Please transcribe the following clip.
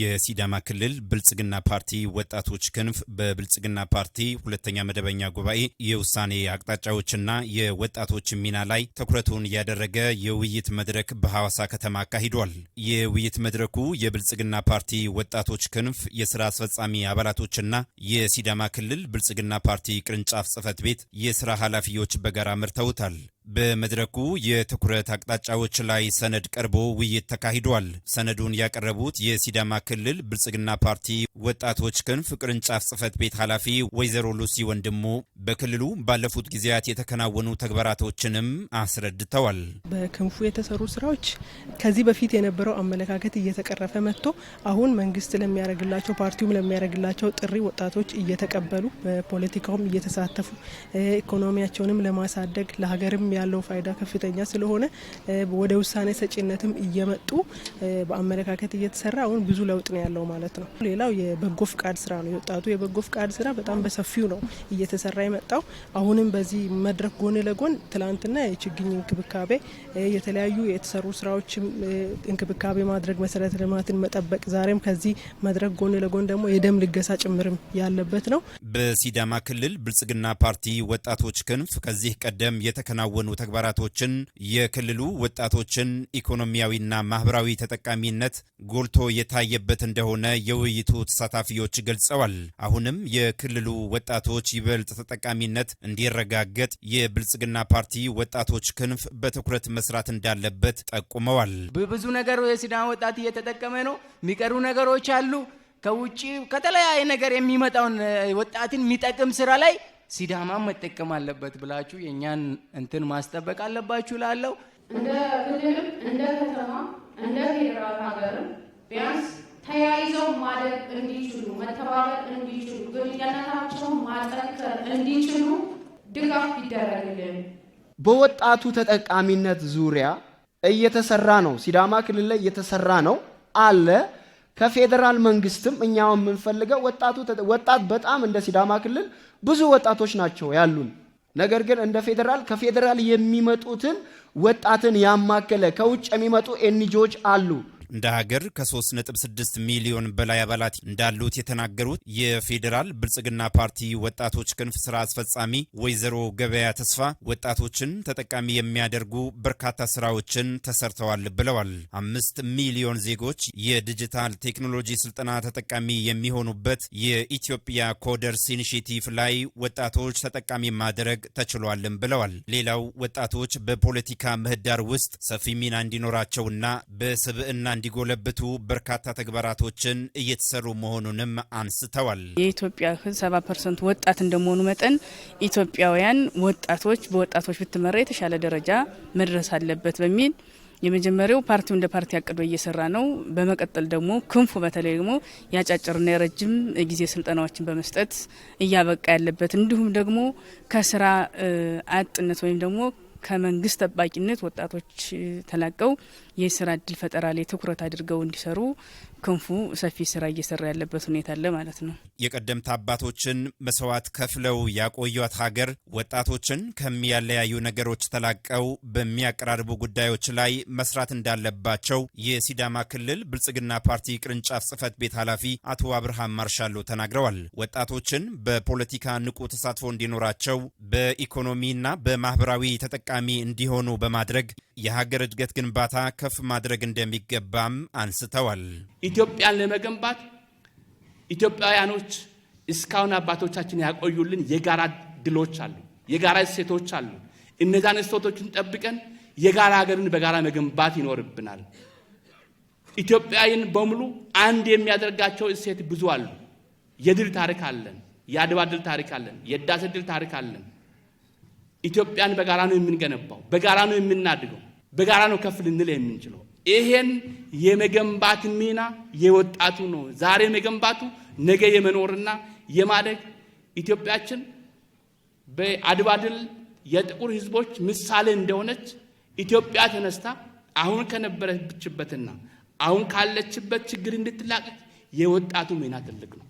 የሲዳማ ክልል ብልጽግና ፓርቲ ወጣቶች ክንፍ በብልጽግና ፓርቲ ሁለተኛ መደበኛ ጉባኤ የውሳኔ አቅጣጫዎችና የወጣቶች ሚና ላይ ትኩረቱን ያደረገ የውይይት መድረክ በሐዋሳ ከተማ አካሂዷል። የውይይት መድረኩ የብልጽግና ፓርቲ ወጣቶች ክንፍ የስራ አስፈጻሚ አባላቶችና የሲዳማ ክልል ብልጽግና ፓርቲ ቅርንጫፍ ጽህፈት ቤት የስራ ኃላፊዎች በጋራ መርተውታል። በመድረኩ የትኩረት አቅጣጫዎች ላይ ሰነድ ቀርቦ ውይይት ተካሂዷል። ሰነዱን ያቀረቡት የሲዳማ ክልል ብልጽግና ፓርቲ ወጣቶች ክንፍ ቅርንጫፍ ጽህፈት ቤት ኃላፊ ወይዘሮ ሉሲ ወንድሙ በክልሉ ባለፉት ጊዜያት የተከናወኑ ተግባራቶችንም አስረድተዋል። በክንፉ የተሰሩ ስራዎች ከዚህ በፊት የነበረው አመለካከት እየተቀረፈ መጥቶ አሁን መንግስት ለሚያደርግላቸው ፓርቲውም ለሚያደርግላቸው ጥሪ ወጣቶች እየተቀበሉ በፖለቲካውም እየተሳተፉ ኢኮኖሚያቸውንም ለማሳደግ ለሀገርም ያለው ፋይዳ ከፍተኛ ስለሆነ ወደ ውሳኔ ሰጪነትም እየመጡ በአመለካከት እየተሰራ አሁን ብዙ ለውጥ ነው ያለው ማለት ነው። ሌላው የበጎ ፍቃድ ስራ ነው። የወጣቱ የበጎ ፍቃድ ስራ በጣም በሰፊው ነው እየተሰራ የመጣው። አሁንም በዚህ መድረክ ጎን ለጎን ትላንትና የችግኝ እንክብካቤ የተለያዩ የተሰሩ ስራዎችም እንክብካቤ ማድረግ፣ መሰረተ ልማትን መጠበቅ፣ ዛሬም ከዚህ መድረክ ጎን ለጎን ደግሞ የደም ልገሳ ጭምርም ያለበት ነው። በሲዳማ ክልል ብልጽግና ፓርቲ ወጣቶች ክንፍ ከዚህ ቀደም የተከናወኑ የተከናወኑ ተግባራቶችን የክልሉ ወጣቶችን ኢኮኖሚያዊና ማህበራዊ ተጠቃሚነት ጎልቶ የታየበት እንደሆነ የውይይቱ ተሳታፊዎች ገልጸዋል። አሁንም የክልሉ ወጣቶች ይበልጥ ተጠቃሚነት እንዲረጋገጥ የብልጽግና ፓርቲ ወጣቶች ክንፍ በትኩረት መስራት እንዳለበት ጠቁመዋል። ብዙ ነገር የሲዳማ ወጣት እየተጠቀመ ነው። የሚቀሩ ነገሮች አሉ። ከውጭ ከተለያየ ነገር የሚመጣውን ወጣትን የሚጠቅም ስራ ላይ ሲዳማም መጠቀም አለበት ብላችሁ የእኛን እንትን ማስጠበቅ አለባችሁ። ላለው እንደ ክልልም እንደ ከተማ እንደ ፌዴራል ሀገርም ቢያንስ ተያይዘው ማደግ እንዲችሉ መተባበር እንዲችሉ ግንኙነታቸውን ማጠንከር እንዲችሉ ድጋፍ ይደረግልን። በወጣቱ ተጠቃሚነት ዙሪያ እየተሰራ ነው። ሲዳማ ክልል ላይ እየተሰራ ነው አለ ከፌዴራል መንግስትም እኛው የምንፈልገው ወጣቱ ወጣት በጣም እንደ ሲዳማ ክልል ብዙ ወጣቶች ናቸው ያሉን። ነገር ግን እንደ ፌዴራል ከፌዴራል የሚመጡትን ወጣትን ያማከለ ከውጭ የሚመጡ ኤንጂዎች አሉ እንደ ሀገር ከ3.6 ሚሊዮን በላይ አባላት እንዳሉት የተናገሩት የፌዴራል ብልጽግና ፓርቲ ወጣቶች ክንፍ ስራ አስፈጻሚ ወይዘሮ ገበያ ተስፋ ወጣቶችን ተጠቃሚ የሚያደርጉ በርካታ ስራዎችን ተሰርተዋል ብለዋል። አምስት ሚሊዮን ዜጎች የዲጂታል ቴክኖሎጂ ስልጠና ተጠቃሚ የሚሆኑበት የኢትዮጵያ ኮደርስ ኢኒሽቲቭ ላይ ወጣቶች ተጠቃሚ ማድረግ ተችሏልም ብለዋል። ሌላው ወጣቶች በፖለቲካ ምህዳር ውስጥ ሰፊ ሚና እንዲኖራቸውና በስብዕና እንዲጎለብቱ በርካታ ተግባራቶችን እየተሰሩ መሆኑንም አንስተዋል። የኢትዮጵያ ህዝብ ሰባ ፐርሰንት ወጣት እንደመሆኑ መጠን ኢትዮጵያውያን ወጣቶች በወጣቶች ብትመራ የተሻለ ደረጃ መድረስ አለበት በሚል የመጀመሪያው ፓርቲው እንደ ፓርቲ አቅዶ እየሰራ ነው። በመቀጠል ደግሞ ክንፉ በተለይ ደግሞ የአጫጭርና የረጅም ጊዜ ስልጠናዎችን በመስጠት እያበቃ ያለበት እንዲሁም ደግሞ ከስራ አጥነት ወይም ደግሞ ከመንግስት ጠባቂነት ወጣቶች ተላቀው የስራ እድል ፈጠራ ላይ ትኩረት አድርገው እንዲሰሩ ክንፉ ሰፊ ስራ እየሰራ ያለበት ሁኔታ አለ ማለት ነው። የቀደምት አባቶችን መስዋዕት ከፍለው ያቆዩት ሀገር ወጣቶችን ከሚያለያዩ ነገሮች ተላቀው በሚያቀራርቡ ጉዳዮች ላይ መስራት እንዳለባቸው የሲዳማ ክልል ብልጽግና ፓርቲ ቅርንጫፍ ጽህፈት ቤት ኃላፊ አቶ አብርሃም ማርሻሎ ተናግረዋል። ወጣቶችን በፖለቲካ ንቁ ተሳትፎ እንዲኖራቸው በኢኮኖሚና በማህበራዊ ተጠቃሚ እንዲሆኑ በማድረግ የሀገር እድገት ግንባታ ከፍ ማድረግ እንደሚገባም አንስተዋል። ኢትዮጵያን ለመገንባት ኢትዮጵያውያኖች እስካሁን አባቶቻችን ያቆዩልን የጋራ ድሎች አሉ፣ የጋራ እሴቶች አሉ። እነዛን እሴቶችን ጠብቀን የጋራ ሀገርን በጋራ መገንባት ይኖርብናል። ኢትዮጵያዊን በሙሉ አንድ የሚያደርጋቸው እሴት ብዙ አሉ። የድል ታሪክ አለን፣ የአድዋ ድል ታሪክ አለን፣ የህዳሴ ድል ታሪክ አለን። ኢትዮጵያን በጋራ ነው የምንገነባው፣ በጋራ ነው የምናድገው። በጋራ ነው ከፍ ልንል የምንችለው። ይሄን የመገንባት ሚና የወጣቱ ነው። ዛሬ መገንባቱ ነገ የመኖርና የማደግ ኢትዮጵያችን በአድባድል ድል የጥቁር ሕዝቦች ምሳሌ እንደሆነች ኢትዮጵያ ተነስታ አሁን ከነበረችበትና አሁን ካለችበት ችግር እንድትላቀቅ የወጣቱ ሚና ትልቅ ነው።